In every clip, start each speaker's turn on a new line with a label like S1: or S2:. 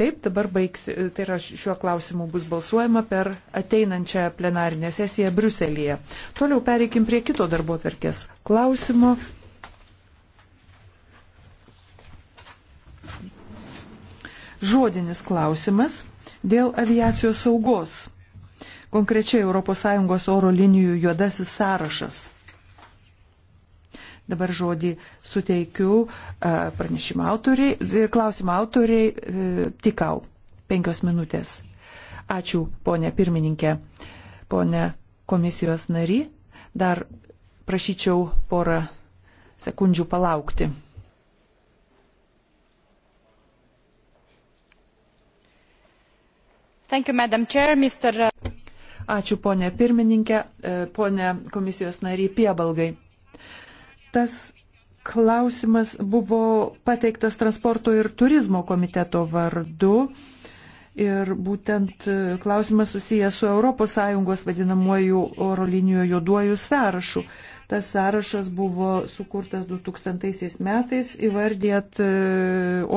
S1: Taip, dabar baigsi, tai yra šiuo klausimu bus balsuojama per ateinančią plenarinę sesiją Bruselėje. Toliau pereikim prie kito darbo tvarkės klausimo. Žodinis klausimas dėl aviacijos saugos. Konkrečiai ES oro linijų juodasis sąrašas. Dabar žodį suteikiu e, pranešimo autoriai ir e, klausimo autoriai e, tikau. Penkios minutės. Ačiū, ponė pirmininkė, ponė komisijos nari. Dar prašyčiau porą sekundžių palaukti. You, Chair, Mr... Uh, Ačiū ponė pirmininkė, ponė komisijos nariai Piebalgai tas klausimas buvo pateiktas transporto ir turizmo komiteto vardu. Ir būtent e, klausimas susijęs su ES vadinamuoju oro linijoje juoduoju sąrašu. Tas sąrašas buvo sukurtas 2000 metais įvardėt e,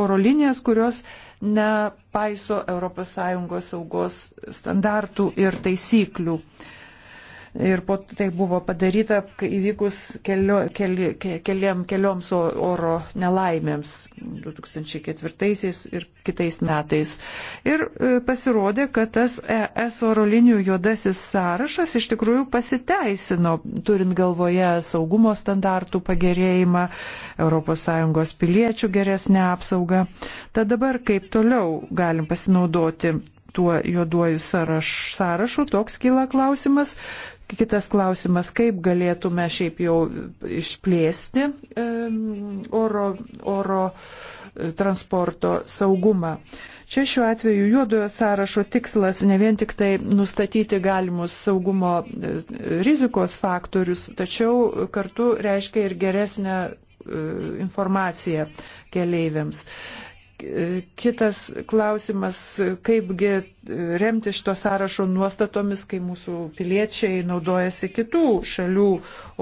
S1: oro linijas, kurios nepaiso ES saugos standartų ir taisyklių. Uh, ir po tai buvo padaryta įvykus kelio, keli, keliam, kelioms oro nelaimėms 2004 ir kitais metais. Ir e, pasirodė, kad tas ES oro linijų juodasis sąrašas iš tikrųjų pasiteisino, turint galvoje saugumo standartų pagerėjimą, ES piliečių geresnę apsaugą. Tad dabar kaip toliau galim pasinaudoti tuo juoduoju sąraš, sąrašu, toks kyla klausimas, Kitas klausimas, kaip galėtume šiaip jau išplėsti oro, oro e, transporto saugumą. Čia šiuo atveju juodojo sąrašo tikslas ne vien tik tai nustatyti galimus saugumo e, rizikos faktorius, tačiau kartu reiškia ir geresnę e, informaciją keleiviams. Kitas klausimas, kaipgi remti šito sąrašo nuostatomis, kai mūsų piliečiai naudojasi kitų šalių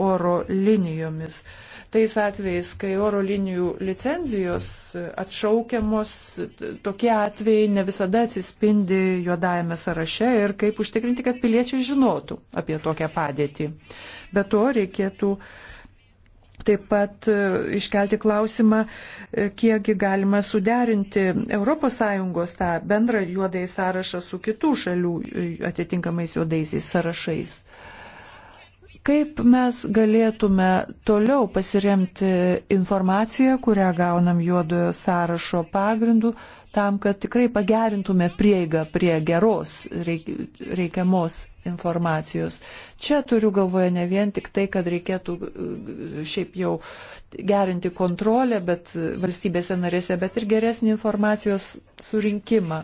S1: oro linijomis. Tais atvejais, kai oro linijų licenzijos atšaukiamos, tokie atvejai ne visada atsispindi juodajame sąraše ir kaip užtikrinti, kad piliečiai žinotų apie tokią padėtį. Be to reikėtų uh, Taip pat e, iškelti klausimą, e, kiekgi galima suderinti ES tą bendrą juodąjį sąrašą su kitų šalių e, atitinkamais juodaisiais sąrašais. Kaip mes galėtume toliau pasiremti informaciją, kurią gaunam juodojo sąrašo pagrindu, tam, kad tikrai pagerintume prieigą prie geros reikiamos informacijos. Čia turiu galvoje ne vien tik tai, kad reikėtų e, šiaip jau gerinti kontrolę, bet e, valstybėse narėse, bet ir geresnį informacijos surinkimą.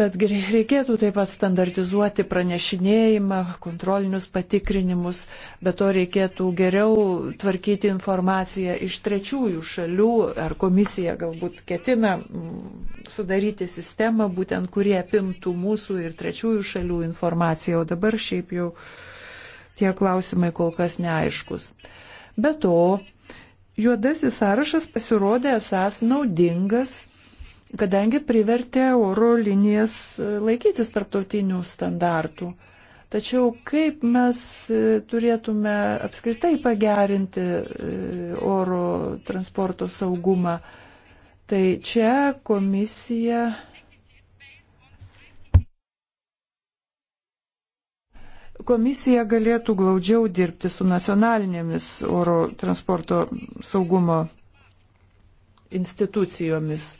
S1: Tad reikėtų taip pat standartizuoti pranešinėjimą, kontrolinius patikrinimus, bet to reikėtų geriau tvarkyti informaciją iš trečiųjų šalių, ar komisija galbūt ketina mm, sudaryti sistemą, būtent kurie apimtų mūsų ir trečiųjų šalių informaciją, o dabar šiaip jau tie klausimai kol kas neaiškus. Be to, juodasis sąrašas pasirodė esas naudingas kadangi privertė oro linijas e, laikytis tarptautinių standartų. Tačiau kaip mes e, turėtume apskritai pagerinti e, oro transporto saugumą, tai čia komisija komisija galėtų glaudžiau dirbti su nacionalinėmis oro transporto saugumo institucijomis.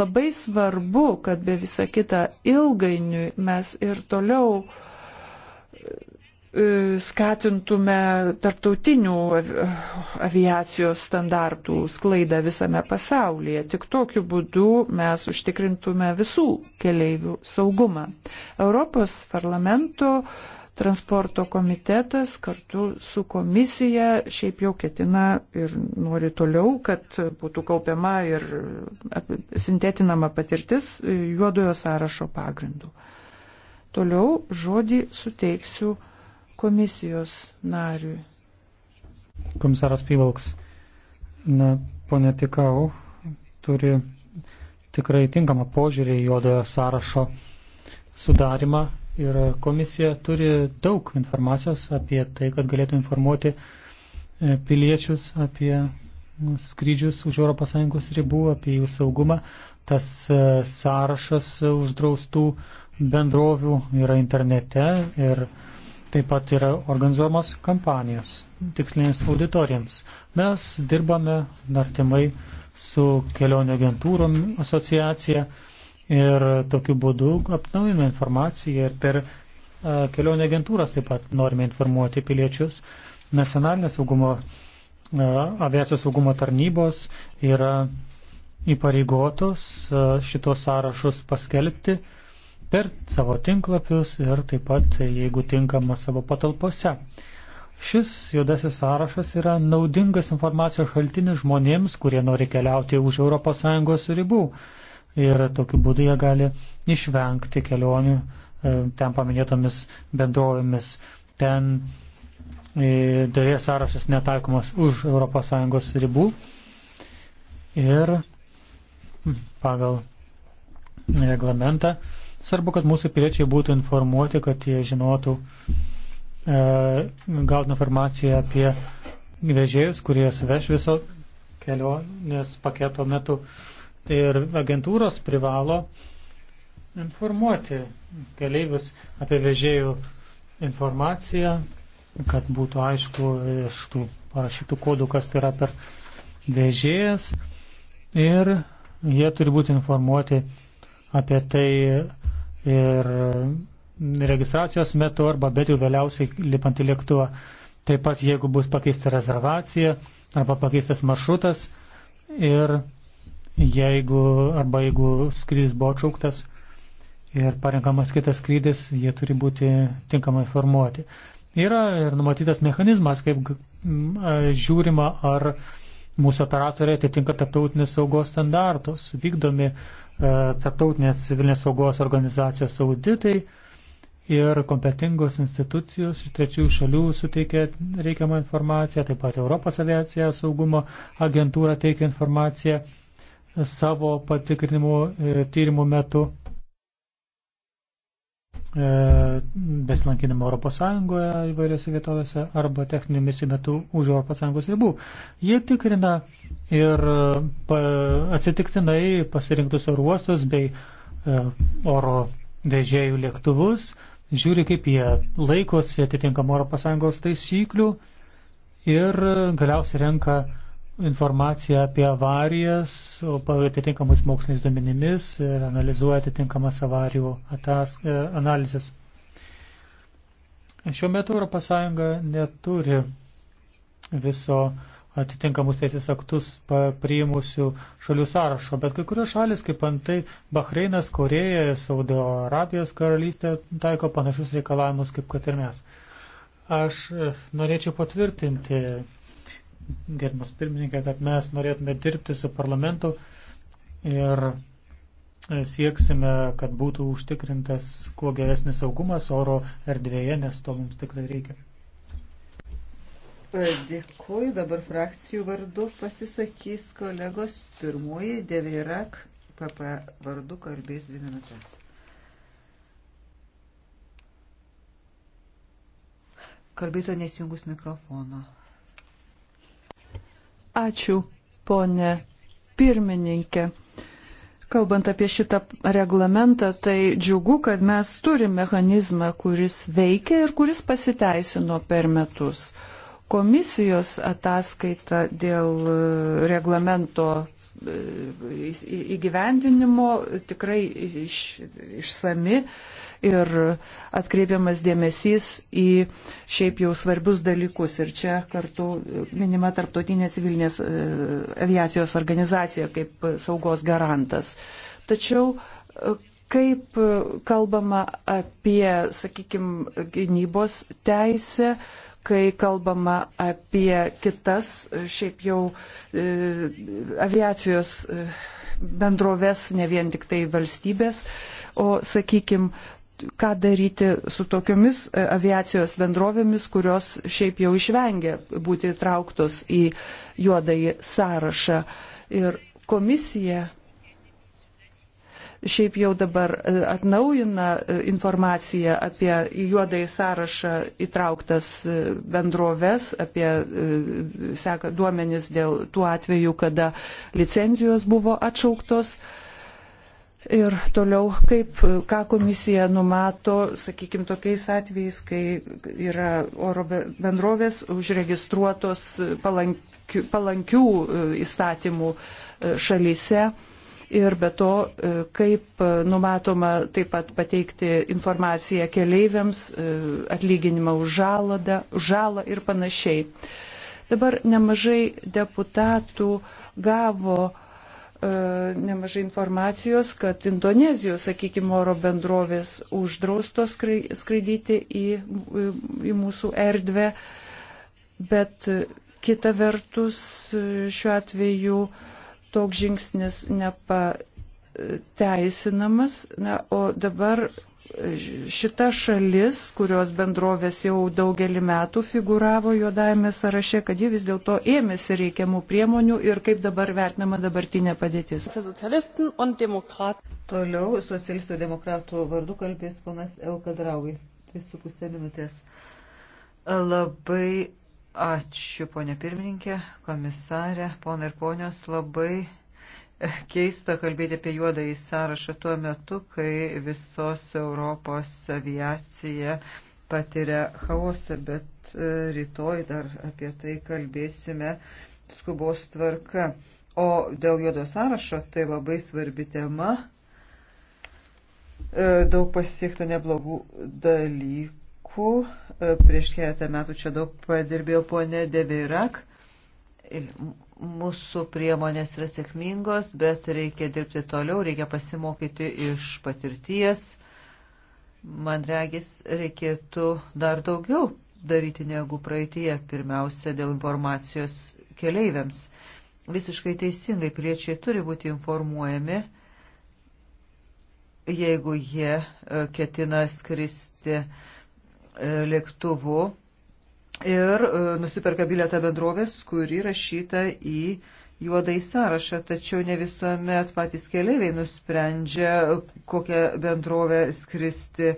S1: Labai svarbu, kad be visa kita ilgainiui mes ir toliau e, skatintume tarptautinių aviacijos standartų sklaidą visame pasaulyje. Tik tokiu būdu mes užtikrintume visų keleivių saugumą. Europos parlamento uh, Transporto komitetas kartu su komisija šiaip jau ketina ir nori toliau, kad būtų kaupiama ir sintetinama patirtis juodojo sąrašo pagrindu. Toliau žodį suteiksiu komisijos
S2: nariui. Komisaras Pivalks, na, ponė Tikau turi tikrai tinkamą požiūrį į juodojo sąrašo sudarimą Ir komisija turi daug informacijos apie tai, kad galėtų informuoti e, piliečius apie nu, skrydžius už ES ribų, apie jų saugumą. Tas e, sąrašas uždraustų bendrovių yra internete ir taip pat yra organizuojamos kampanijos tikslinėms auditorijams. Mes dirbame artimai su kelionių agentūrom asociacija Ir tokiu būdu apnaujame informaciją ir per kelionė agentūras taip pat norime informuoti piliečius. Nacionalinės saugumo, aviacijos saugumo tarnybos yra įpareigotos šitos sąrašus paskelbti per savo tinklapius ir taip pat, jeigu tinkama, savo patalpose. Šis juodasis sąrašas yra naudingas informacijos šaltinis žmonėms, kurie nori keliauti už ES ribų ir tokiu būdu jie gali išvengti kelionių e, ten paminėtomis bendrovėmis. Ten e, dalies sąrašas netaikomas už ES ribų ir pagal reglamentą svarbu, kad mūsų piliečiai būtų informuoti, kad jie žinotų, e, gautų informaciją apie vežėjus, kurie sveš viso kelionės paketo metu ir agentūros privalo informuoti keleivius apie vežėjų informaciją, kad būtų aišku iš tų parašytų kodų, kas tai yra per vežėjas. Ir jie turi būti informuoti apie tai ir registracijos metu arba bet jau vėliausiai lipant į lėktuvą. Taip pat jeigu bus pakeista rezervacija arba pakeistas maršrutas ir jeigu arba jeigu skrydis buvo atšauktas ir parenkamas kitas skrydis, jie turi būti tinkamai informuoti. Yra ir numatytas mechanizmas, kaip žiūrima, ar mūsų operatoriai atitinka tarptautinės saugos standartus, vykdomi e, tarptautinės civilinės saugos organizacijos auditai ir kompetingos institucijos iš trečiųjų šalių suteikia reikiamą informaciją, taip pat Europos aviacijos saugumo agentūra teikia informaciją savo patikrinimų e, tyrimų metu e, besilankinimo Europos Sąjungoje įvairiose vietovėse arba techninių misijų metu už Europos Sąjungos ribų. Jie tikrina ir pa, atsitiktinai pasirinktus oro uostus bei e, oro vežėjų lėktuvus, žiūri, kaip jie laikosi atitinkamų Europos Sąjungos taisyklių ir galiausiai renka informaciją apie avarijas, atitinkamais moksliniais duomenimis ir analizuoja atitinkamas avarijų atas, e, analizės. Šiuo metu ES neturi viso atitinkamus teisės aktus priimusių šalių sąrašo, bet kai kurios šalis, kaip antai Bahreinas, Koreja, Saudo Arabijos karalystė taiko panašius reikalavimus kaip kad ir mes. Aš norėčiau patvirtinti gerbimas pirmininkai, kad mes norėtume dirbti su parlamentu ir e, sieksime, kad būtų užtikrintas kuo geresnis saugumas oro erdvėje, nes to mums tikrai reikia.
S3: Dėkuoju, dabar frakcijų vardu pasisakys kolegos pirmoji Deveirak PP vardu kalbės dvi minutės. Kalbėto nesijungus mikrofono.
S1: Ačiū, ponė pirmininkė. Kalbant apie šitą reglamentą, tai džiugu, kad mes turime mechanizmą, kuris veikia ir kuris pasiteisino per metus. Komisijos ataskaita dėl e, reglamento e, įgyvendinimo tikrai iš, išsami. Iš ir atkreipiamas dėmesys į šiaip jau svarbius dalykus. Ir čia kartu minima Tarptautinė civilinės e, aviacijos organizacija kaip saugos garantas. Tačiau e, kaip e, kalbama apie, sakykime, gynybos teisę, kai kalbama apie kitas šiaip jau e, aviacijos bendroves, ne vien tik tai valstybės, o, sakykime, ką daryti su tokiomis e, aviacijos bendrovėmis, kurios šiaip jau išvengia būti įtrauktos į juodąjį sąrašą. Ir komisija šiaip jau dabar e, atnaujina e, informaciją apie į juodąjį sąrašą įtrauktas bendroves, apie seka, duomenis dėl tų atvejų, kada licenzijos buvo atšauktos. Ir toliau, kaip, ką komisija numato, sakykime, tokiais atvejais, kai yra oro bendrovės užregistruotos palankių, palankių e, įstatymų e, šalyse. Ir be to, e, kaip numatoma taip pat pateikti informaciją keleiviams, atlyginimą už žalą, žalą ir panašiai. Dabar nemažai deputatų gavo E, nemažai informacijos, kad Indonezijos, sakykime, oro bendrovės uždraustos skraidyti į, į mūsų erdvę, bet kita vertus šiuo atveju toks žingsnis nepateisinamas, na, o dabar šita šalis, kurios bendrovės jau daugelį metų figuravo juodajame sąraše, kad ji vis dėlto ėmėsi reikiamų priemonių ir kaip dabar vertinama dabartinė padėtis.
S3: Toliau socialistų demokratų vardu kalbės ponas Elkadraui. 2,5 minutės. Labai ačiū, ponė pirmininkė, komisarė, ponai ir ponios, labai keista kalbėti apie juodąjį sąrašą tuo metu, kai visos Europos aviacija patiria chaosą, bet e, rytoj dar apie tai kalbėsime skubos tvarka. O dėl juodo sąrašo tai labai svarbi tema. E, daug pasiekta neblogų dalykų. E, prieš keletą metų čia daug padirbėjo ponė Deveirak mūsų priemonės yra sėkmingos, bet reikia dirbti toliau, reikia pasimokyti iš patirties. Man regis, reikėtų dar daugiau daryti negu praeitie, pirmiausia, dėl informacijos keleiviams. Visiškai teisingai priečiai turi būti informuojami, jeigu jie e, ketina skristi e, lėktuvu ir e, nusiperka biletą bendrovės, kuri rašyta į juodai sąrašą, tačiau ne visuomet patys keliaiviai nusprendžia, kokią bendrovę skristi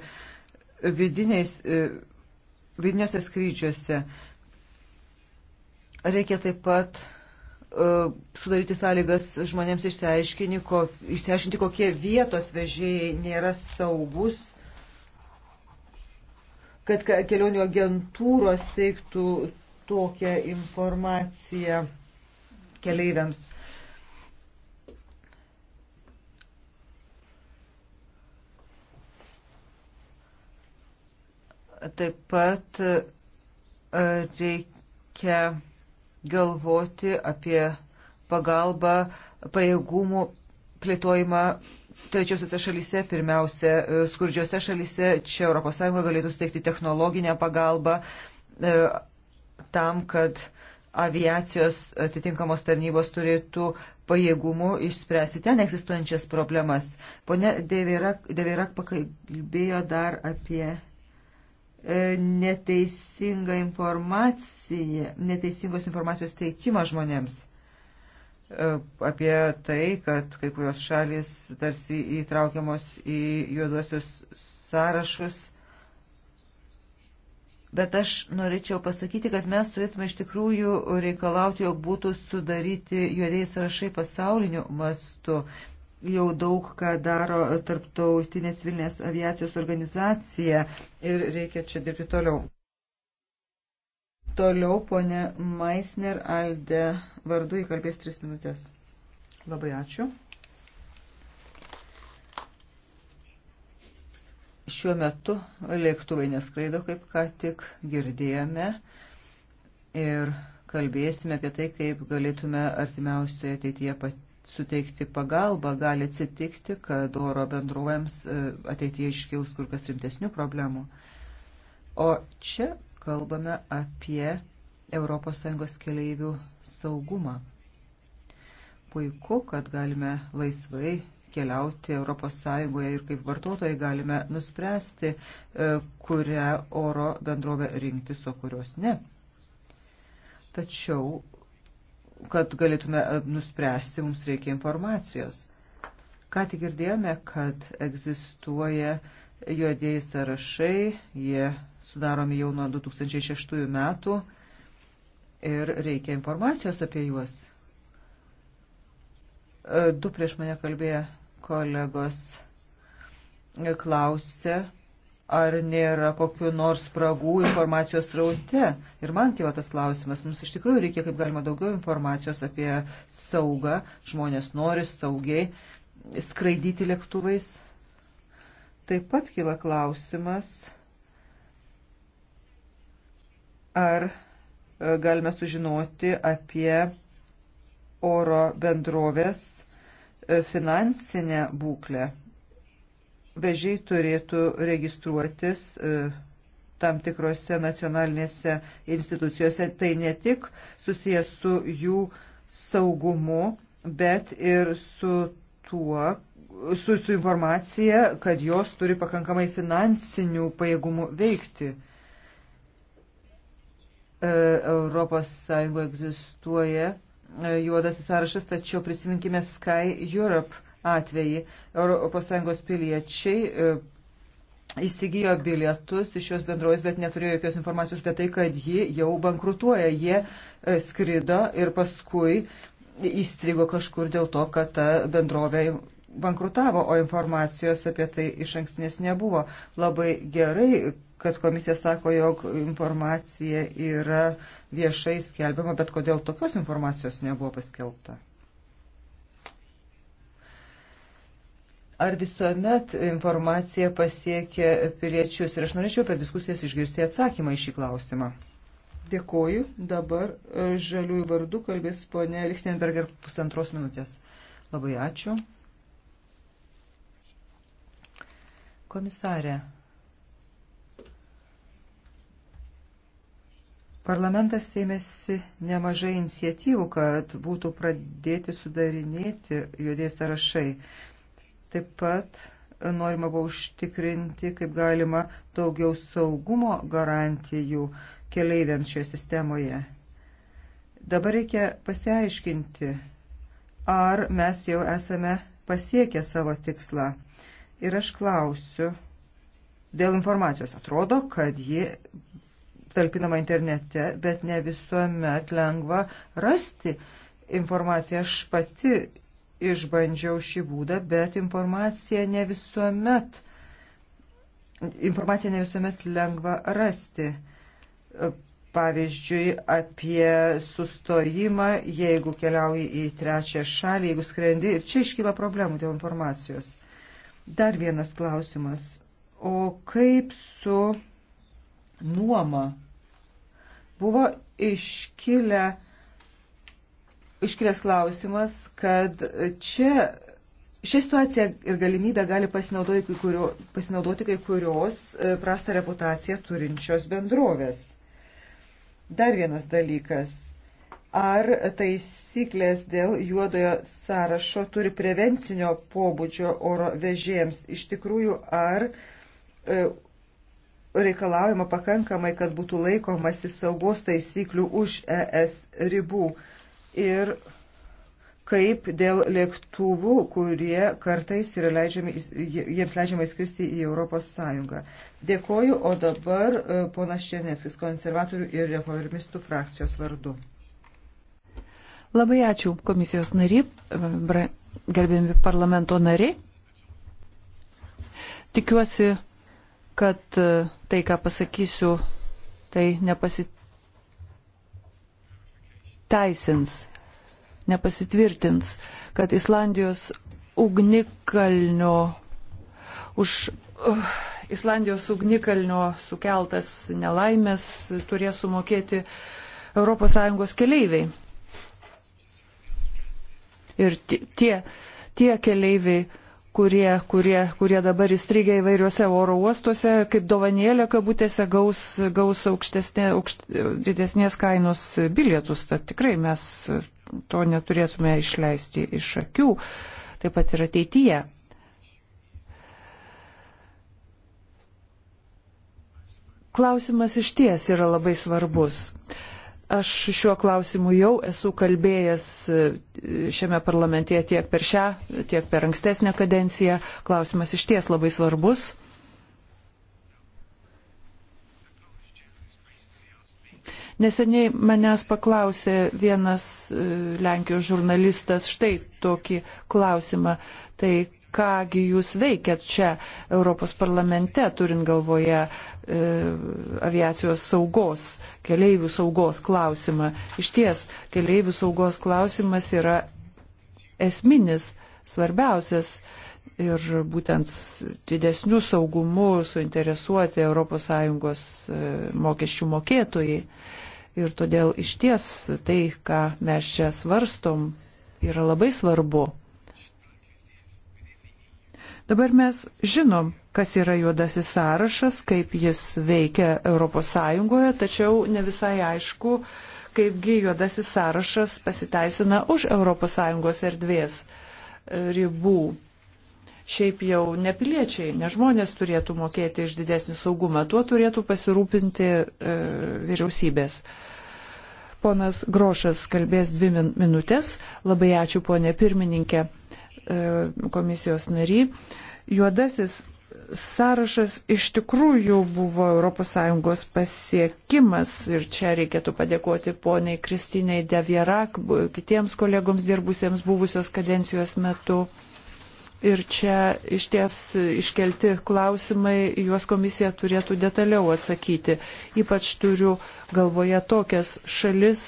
S3: vidiniais, e, vidiniuose skrydžiuose. Reikia taip pat e, sudaryti sąlygas žmonėms išsiaiškinti, ko, išsiaiškinti kokie vietos vežėjai nėra saugus kad kelionių agentūros teiktų tokią informaciją keleiviams. Taip pat e, reikia galvoti apie pagalbą pajėgumų plėtojimą trečiosiuose šalyse, pirmiausia, e, skurdžiose šalyse, čia ES galėtų steigti technologinę pagalbą e, tam, kad aviacijos atitinkamos tarnybos turėtų pajėgumų išspręsti ten egzistuojančias problemas. Pone Devirak, Devirak pakalbėjo dar apie e, neteisingą informaciją, neteisingos informacijos teikimą žmonėms. E, apie tai, kad kai kurios šalis tarsi įtraukiamos į juodosius sąrašus. Bet aš norėčiau pasakyti, kad mes turėtume iš tikrųjų reikalauti, jog būtų sudaryti juodėjai sąrašai pasauliniu mastu. Jau daug ką daro tarptautinės Vilnės aviacijos organizacija ir reikia čia dirbti toliau. Toliau ponė Maisner Alde vardu įkalbės tris minutės. Labai ačiū. Šiuo metu lėktuvai neskraido, kaip ką tik girdėjome. Ir kalbėsime apie tai, kaip galėtume artimiausioje ateityje suteikti pagalbą. Gali atsitikti, kad oro bendruojams e, ateityje iškils kur kas rimtesnių problemų. O čia kalbame apie ES keleivių saugumą. Puiku, kad galime laisvai keliauti ES ir kaip vartotojai galime nuspręsti, e, kurią oro bendrovę rinktis, o kurios ne. Tačiau, kad galėtume e, nuspręsti, mums reikia informacijos. Ką tik girdėjome, kad egzistuoja uh, juodieji sąrašai, jie sudaromi jau nuo 2006 metų ir reikia informacijos apie juos. E, du prieš mane kalbėję kolegos klausė, ar nėra kokiu nors spragų informacijos raute. Ir man kyla tas klausimas, mums iš tikrųjų reikia kaip galima daugiau informacijos apie saugą, žmonės nori saugiai skraidyti lėktuvais, Taip pat kyla klausimas, ar e, galime sužinoti apie oro bendrovės e, finansinę būklę. Vežiai turėtų registruotis e, tam tikrose nacionalinėse institucijose. Tai ne tik susijęs su jų saugumu, bet ir su tuo, su, su informacija, kad jos turi pakankamai finansinių pajėgumų veikti. E, Europos Sąjungoje egzistuoja e, juodasis sąrašas, tačiau prisiminkime Sky Europe atvejį. Europos Sąjungos piliečiai e, įsigijo bilietus iš šios bendrovės, bet neturėjo jokios informacijos apie tai, kad ji jau bankrutuoja. Jie skrido ir paskui įstrigo kažkur dėl to, kad ta bendrovė bankrutavo, o informacijos apie tai iš ankstinės nebuvo. Labai gerai, kad komisija sako, jog informacija yra viešai skelbiama, bet kodėl tokios informacijos nebuvo paskelbta? Ar visuomet informacija pasiekia piliečius? Ir aš norėčiau per diskusijas išgirsti atsakymą į šį klausimą. Dėkoju. Dabar e, žaliųjų vardų kalbės ponė Lichtenberger pusantros minutės. Labai ačiū. Komisarė, parlamentas ėmėsi nemažai iniciatyvų, kad būtų pradėti sudarinėti juodės sąrašai. Taip pat norima buvo užtikrinti, kaip galima, daugiau saugumo garantijų keleiviams šioje sistemoje. Dabar reikia pasiaiškinti, ar mes jau esame pasiekę savo tikslą ir aš klausiu dėl informacijos. Atrodo, kad ji talpinama internete, bet ne visuomet lengva rasti informaciją. Aš pati išbandžiau šį būdą, bet informacija ne visuomet, informacija ne visuomet lengva rasti. Pavyzdžiui, apie sustojimą, jeigu keliauji į trečią šalį, jeigu skrendi, ir čia iškyla problemų dėl informacijos. Dar vienas klausimas. O kaip su nuoma? Buvo iškilę, iškilęs klausimas, kad čia Šią situaciją ir galimybę gali pasinaudoti kai, kurio, pasinaudoti kai kurios e, prastą reputaciją turinčios bendrovės. Dar vienas dalykas ar taisyklės dėl juodojo sąrašo turi prevencinio pobūdžio oro vežėjams. Iš tikrųjų, ar e, reikalaujama pakankamai, kad būtų laikomasi saugos taisyklių už ES ribų ir kaip dėl lėktuvų, kurie kartais yra leidžiami, jiems leidžiama įskristi į Europos Sąjungą. Dėkoju, o dabar e, ponas Černeckis, konservatorių ir reformistų frakcijos vardu.
S1: Labai ačiū komisijos nari, gerbėmi parlamento nari. Tikiuosi, kad e, tai, ką pasakysiu, tai nepasiteisins, nepasitvirtins, kad Islandijos ugnikalnio už uh, Islandijos ugnikalnio sukeltas nelaimės turės sumokėti ES keleiviai. Ir tie, tie keleiviai, kurie, kurie, kurie dabar įstrigę įvairiuose oro uostuose, kaip dovanėlė kabutėse, gaus, gaus aukštesnė, aukšt, didesnės kainos bilietus. Tad tikrai mes to neturėtume išleisti iš akių, taip pat ir ateityje. Klausimas iš ties yra labai svarbus. Aš šiuo klausimu jau esu kalbėjęs e, šiame parlamente tiek per šią, tiek per ankstesnę kadenciją. Klausimas iš ties labai svarbus. Neseniai manęs paklausė vienas e, Lenkijos žurnalistas štai tokį klausimą. Tai kągi jūs veikiat čia Europos parlamente, turint galvoje e, aviacijos saugos, keleivių saugos klausimą. Iš ties, keleivių saugos klausimas yra esminis, svarbiausias ir būtent didesnių saugumų suinteresuoti ES e, mokesčių mokėtojai. Ir todėl iš ties tai, ką mes čia svarstom, yra labai svarbu. Dabar mes žinom, kas yra juodasis sąrašas, kaip jis veikia ES, tačiau ne visai aišku, kaipgi juodasis sąrašas pasiteisina už ES erdvės e, ribų. Šiaip jau nepiliečiai, ne žmonės turėtų mokėti iš didesnį saugumą, tuo turėtų pasirūpinti e, vyriausybės. Ponas Grošas kalbės dvi min minutės. Labai ačiū, ponė pirmininkė. E, komisijos nary, juodasis sąrašas iš tikrųjų buvo ES pasiekimas ir čia reikėtų padėkoti poniai Kristinai Devierak, kitiems kolegoms dirbusiems buvusios kadencijos metu. Ir čia iš ties iškelti klausimai, juos komisija turėtų detaliau atsakyti. Ypač turiu galvoje tokias šalis,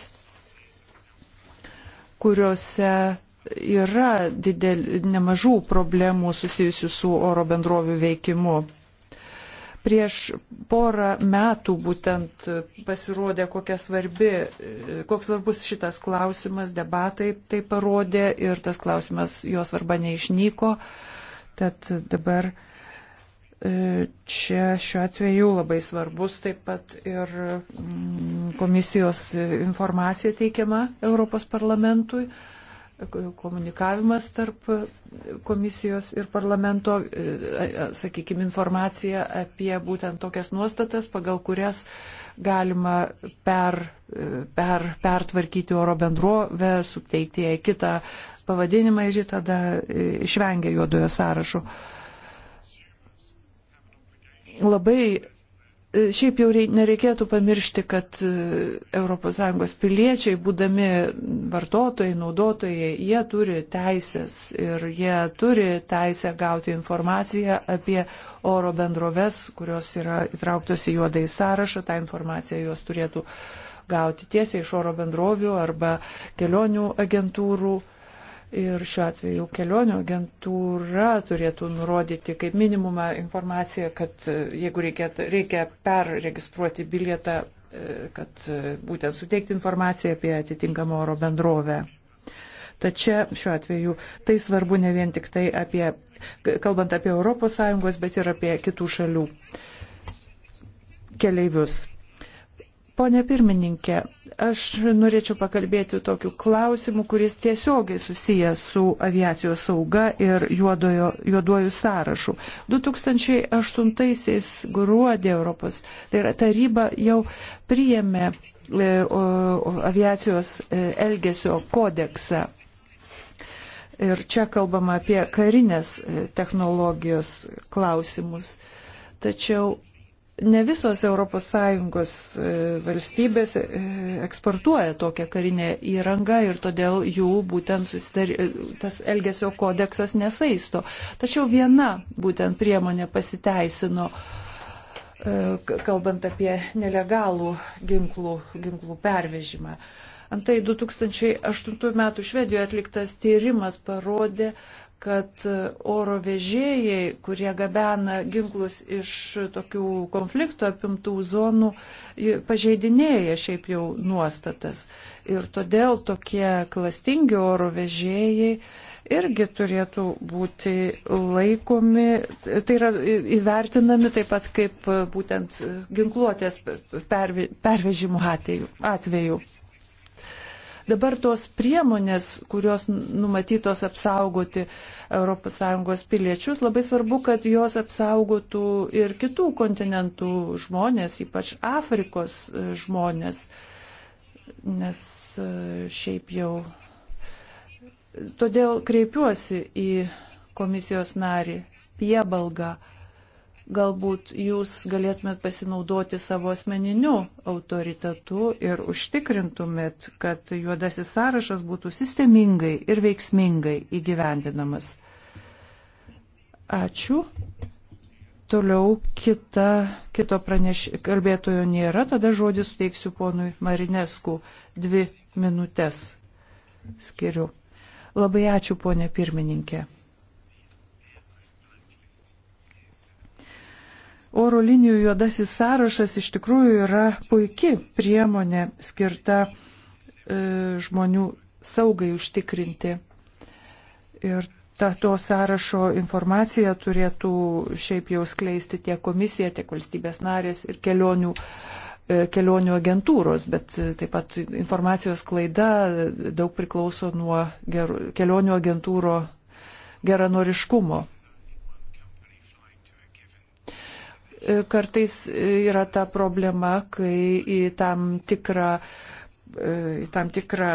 S1: kuriuose yra didel, nemažų problemų susijusių su oro bendrovių veikimu. Prieš porą metų būtent pasirodė, svarbi, koks svarbus šitas klausimas, debatai tai parodė ir tas klausimas, jo svarba neišnyko. Tad dabar e, čia šiuo atveju labai svarbus taip pat ir mm, komisijos informacija teikiama Europos parlamentui komunikavimas tarp komisijos ir parlamento, e, sakykime, informacija apie būtent tokias nuostatas, pagal kurias galima per, e, per, pertvarkyti oro bendrovę, suteikti jai kitą pavadinimą ir ji tada e, išvengia juodojo sąrašo. Labai E, šiaip jau nereikėtų pamiršti, kad ES piliečiai, būdami vartotojai, naudotojai, jie turi teisės ir jie turi teisę gauti informaciją apie oro bendroves, kurios yra įtrauktos į juodą į sąrašą. Ta informacija juos turėtų gauti tiesiai iš oro bendrovių arba kelionių agentūrų Ir šiuo atveju kelionių agentūra turėtų nurodyti kaip minimumą informaciją, kad e, jeigu reikėtų, reikia perregistruoti bilietą, e, kad e, būtent suteikti informaciją apie atitinkamą oro bendrovę. Tačiau šiuo atveju tai svarbu ne vien tik tai apie, kalbant apie ES, bet ir apie kitų šalių keleivius. Pone pirmininkė, aš norėčiau pakalbėti tokiu klausimu, kuris tiesiogiai susijęs su aviacijos sauga ir juodojo, juoduoju sąrašu. 2008-aisiais gruodį Europos tai yra, taryba jau priėmė e, o, aviacijos e, elgesio kodeksą. Ir čia kalbama apie karinės e, technologijos klausimus. Tačiau ne visos ES e, valstybės e, eksportuoja tokią karinę įrangą ir todėl jų būtent susidar... E, tas Elgesio kodeksas nesaisto. Tačiau viena būtent priemonė pasiteisino, kalbant apie nelegalų ginklų, ginklų pervežimą. Antai 2008 m. Švedijoje atliktas tyrimas parodė, kad oro vežėjai, kurie gabena ginklus iš tokių konfliktų apimtų zonų, pažeidinėja šiaip jau nuostatas. Ir todėl tokie klastingi oro vežėjai irgi turėtų būti laikomi, tai yra įvertinami taip pat kaip būtent ginkluotės pervežimo atveju. atveju. Dabar tos priemonės, kurios numatytos apsaugoti ES piliečius, labai svarbu, kad jos apsaugotų ir kitų kontinentų žmonės, ypač Afrikos e, žmonės, nes e, šiaip jau. Todėl kreipiuosi į komisijos narį Piebalgą Galbūt jūs galėtumėt pasinaudoti savo asmeniniu autoritetu ir užtikrintumėt, kad juodasis sąrašas būtų sistemingai ir veiksmingai įgyvendinamas. Ačiū. Toliau kita, kito praneš, kalbėtojo nėra, tada žodį suteiksiu ponui Marinesku dvi minutės skiriu. Labai ačiū, ponė pirmininkė. oro linijų juodasis sąrašas iš tikrųjų yra puikia priemonė skirta e, žmonių saugai užtikrinti. Ir ta, to sąrašo informacija turėtų šiaip jau skleisti tiek komisija, tiek valstybės narės ir kelionių, e, kelionių agentūros, bet e, taip pat informacijos klaida daug priklauso nuo ger, kelionių agentūro geranoriškumo. E, kartais e, yra ta problema, kai į tam tikrą e, į tam tikrą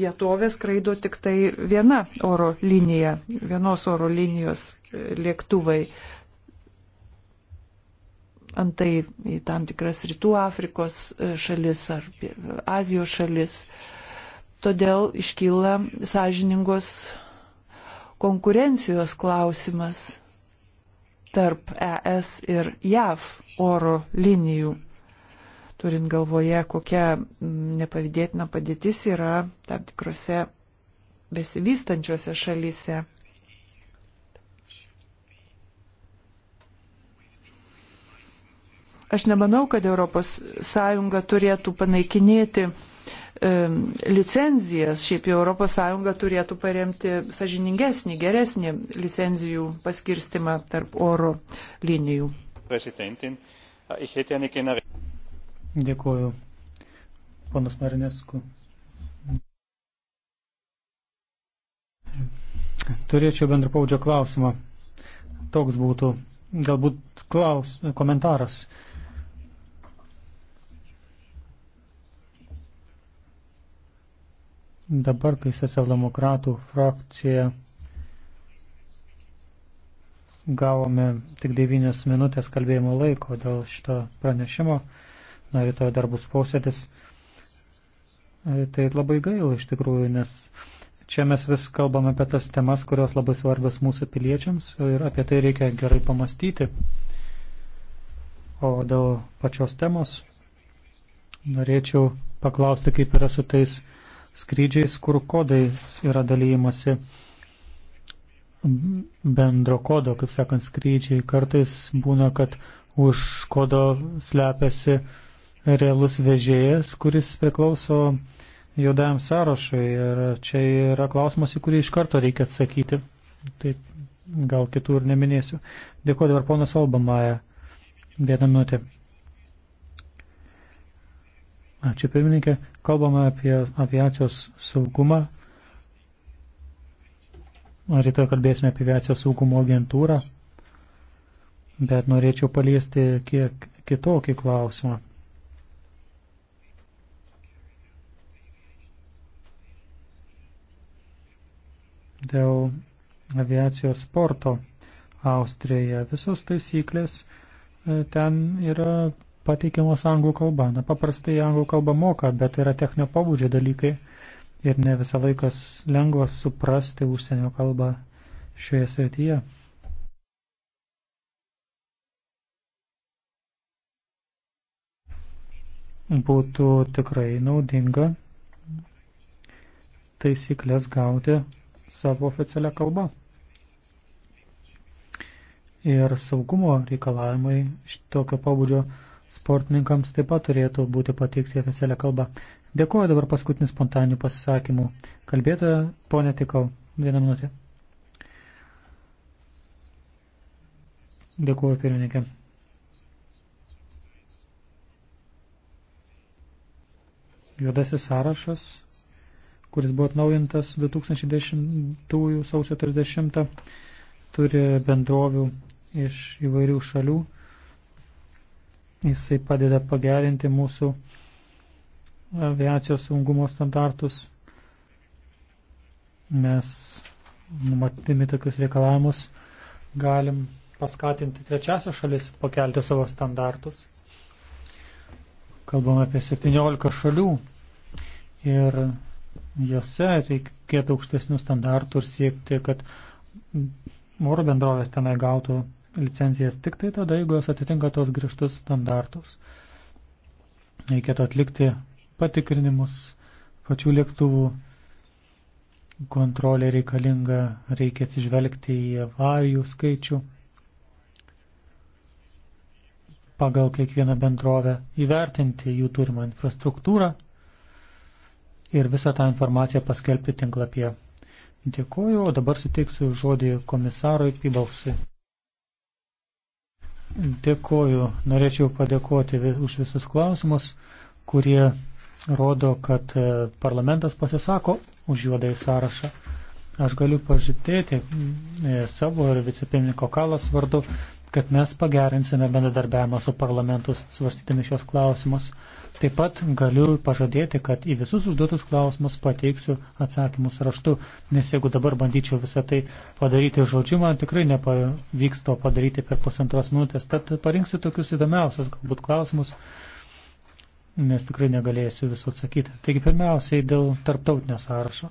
S1: vietovę skraido tik tai viena oro linija, vienos oro linijos lėktuvai. Antai į tam tikras rytų Afrikos šalis ar Azijos šalis. Todėl iškyla sąžiningos konkurencijos klausimas tarp ES ir JAV oro linijų, turint galvoje, kokia nepavydėtina padėtis yra tam tikrose besivystančiose šalyse. Aš nemanau, kad ES turėtų panaikinėti licenzijas. Šiaip jau ES turėtų paremti sažiningesnį, geresnį licenzijų paskirstimą
S2: tarp oro linijų. Dėkuoju, ponas Marinesku. Turėčiau bendro paudžio klausimą. Toks būtų galbūt klaus, komentaras. Uh, Dabar, kai socialdemokratų frakcija gavome tik 9 minutės kalbėjimo laiko dėl šito pranešimo, na rytoj dar bus posėdis, e, tai labai gaila iš tikrųjų, nes čia mes vis kalbame apie tas temas, kurios labai svarbios mūsų piliečiams ir apie tai reikia gerai pamastyti. O dėl pačios temos norėčiau paklausti, kaip yra su tais skrydžiais, kur kodais yra dalyjimasi bendro kodo, kaip sakant, skrydžiai. Kartais būna, kad už kodo slepiasi realus vežėjas, kuris priklauso juodajam sąrašui. Ir čia yra klausimas, į kurį iš karto reikia atsakyti. Taip, gal kitų ir neminėsiu. Dėkuoju dabar ponas Albamaja. Vieną minutę. Ačiū pirmininkė. Kalbame apie aviacijos saugumą. Rytoj kalbėsime apie aviacijos saugumo agentūrą, bet norėčiau paliesti kiek kitokį klausimą. Dėl aviacijos sporto Austrijoje visos taisyklės e, ten yra pateikiamos anglų kalba. Na, paprastai anglų kalbą moka, bet tai yra techninio pobūdžio dalykai ir ne visą laikas lengva suprasti užsienio kalbą šioje srityje. Būtų tikrai naudinga taisyklės gauti savo oficialią kalbą. Ir saugumo reikalavimai šitokio pabudžio sportininkams taip pat turėtų būti pateikti oficialią kalbą. Dėkuoju dabar paskutinis spontaninių pasisakymų. Kalbėtoja, ponė Tikau, vieną minutę. Dėkuoju, pirmininkė. Juodasis sąrašas, kuris buvo atnaujintas 2010 sausio 30, turi bendrovių iš įvairių šalių Jisai padeda pagerinti mūsų aviacijos saugumo standartus. Mes numatydami tokius reikalavimus galim paskatinti trečiasias šalis pakelti savo standartus. Kalbam apie 17 šalių ir jose reikėtų aukštesnių standartų ir siekti, kad oro bendrovės tenai gautų licencijas tik tai tada, jeigu jos atitinka tos grįžtus standartus. Reikėtų atlikti patikrinimus pačių lėktuvų kontrolė reikalinga, reikia atsižvelgti į avarijų skaičių pagal kiekvieną bendrovę, įvertinti jų turimą infrastruktūrą ir visą tą informaciją paskelbti tinklapyje. Dėkuoju, o dabar suteiksiu žodį komisarui Pibalsui. Dėkuoju. Norėčiau padėkoti už visus klausimus, kurie rodo, kad e, parlamentas pasisako už juodąjį sąrašą. Aš galiu pažydėti e, savo ir vicepirmininko kalas vardu, kad mes pagerinsime bendradarbiavimą su parlamentus svarstydami šios klausimus. Taip pat galiu pažadėti, kad į visus užduotus klausimus pateiksiu atsakymus raštu, nes jeigu dabar bandyčiau visą tai padaryti žodžiu, man tikrai nepavyks to padaryti per pusantros minutės. Tad parinksiu tokius įdomiausius galbūt klausimus, nes tikrai negalėsiu visų atsakyti. Taigi pirmiausiai dėl tarptautinio sąrašo.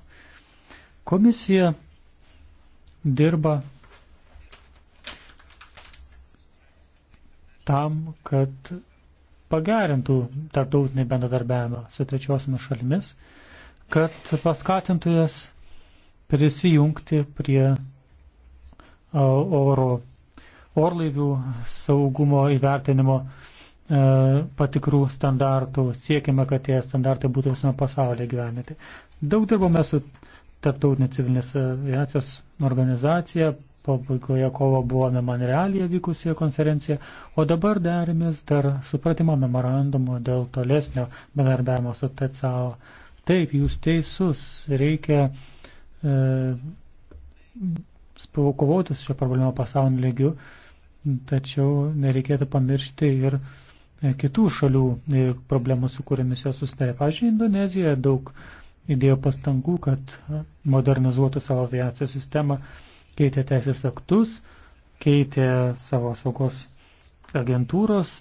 S2: Komisija dirba tam, kad pagerintų tarptautinį bendradarbiavimą su trečiosiomis šalimis, kad paskatintų jas prisijungti prie oro orlaivių saugumo įvertinimo e, patikrų standartų, siekime, kad tie standartai būtų visame pasaulyje gyvenyti. Daug dirbome su Tarptautinė civilinės aviacijos organizacija, pabaigoje kovo buvome Monrealėje vykusioje konferencijoje, o dabar derimės dar supratimo memorandumo dėl tolesnio bendarbiavimo su TCAO. Taip, jūs teisus, reikia e, kovoti su šio problemo pasaulio lygiu, tačiau nereikėtų pamiršti ir e, kitų šalių e, problemų, su kuriamis jos susidarė. Pavyzdžiui, Indonezija daug įdėjo pastangų, kad modernizuotų savo aviacijos sistemą. E, keitė teisės aktus, keitė savo saugos agentūros e,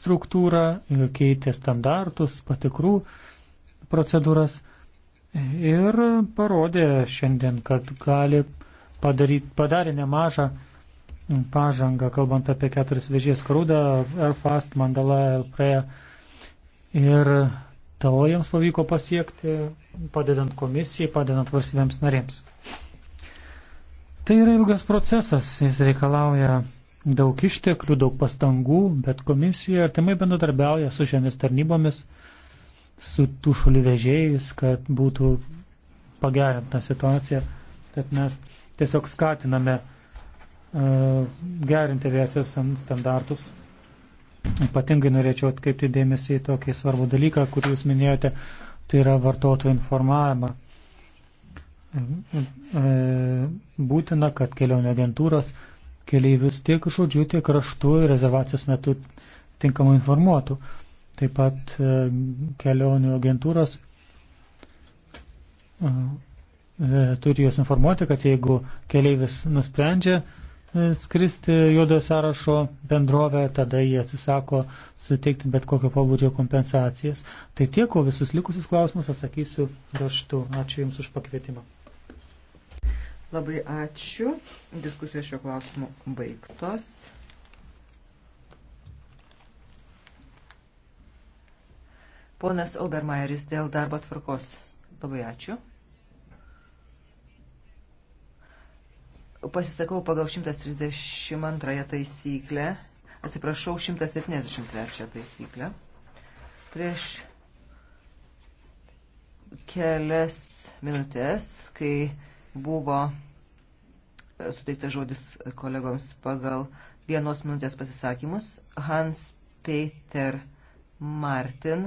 S2: struktūrą, e, keitė standartus, patikrų procedūras ir parodė šiandien, kad gali padaryt, padarė nemažą pažangą, kalbant apie keturis vežės krūdą, Airfast, Mandala, Elpreja. Ir to jiems pavyko pasiekti, padedant komisijai, padedant valstybėms narėms. Tai yra ilgas procesas, jis reikalauja daug išteklių, daug pastangų, bet komisija artimai bendradarbiauja su žemės tarnybomis, su tų šalių vežėjais, kad būtų pagerinta situacija. Tad mes tiesiog skatiname uh, gerinti aviacijos standartus. Ypatingai norėčiau atkreipti dėmesį į tokį svarbų dalyką, kurį jūs minėjote, tai yra vartotojų informavimą. E, būtina, kad kelionio agentūros keleivius tiek žodžiu, tiek raštu rezervacijos metu tinkamai informuotų. Taip pat e, kelionių agentūros e, turi juos informuoti, kad jeigu keleivis nusprendžia skristi juodojo sąrašo bendrovę, tada jie atsisako suteikti bet kokio pobūdžio kompensacijas. Tai tiek, o visus likusius klausimus atsakysiu raštu. Ačiū Jums už pakvietimą.
S3: Labai ačiū. Diskusijos šio klausimu baigtos. Ponas Obermaeris dėl darbo tvarkos. Labai ačiū. Pasisakau pagal 132 taisyklę. Atsiprašau, 173 taisyklę. Prieš kelias minutės, kai buvo e, suteiktas žodis kolegoms pagal vienos minutės pasisakymus. Hans Peter Martin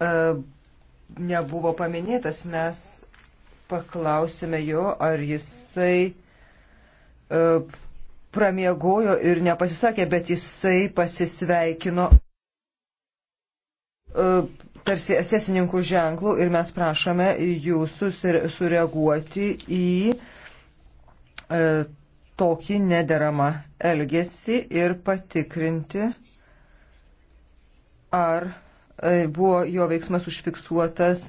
S3: e, nebuvo paminėtas, mes paklausėme jo, ar jisai e, pramiegojo ir nepasisakė, bet jisai pasisveikino tarsi esesininkų ženklų ir mes prašome jūsų sureaguoti į e, tokį nederamą elgesį ir patikrinti, ar e, buvo jo veiksmas užfiksuotas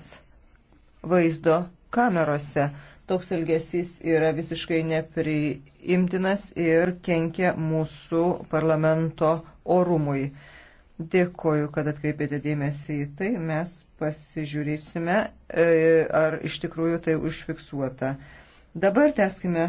S3: vaizdo kamerose. Toks elgesys yra visiškai nepriimtinas ir kenkia mūsų parlamento orumui. Dėkoju, kad atkreipėte dėmesį į tai. Mes pasižiūrėsime, e, ar iš tikrųjų tai užfiksuota. Dabar teskime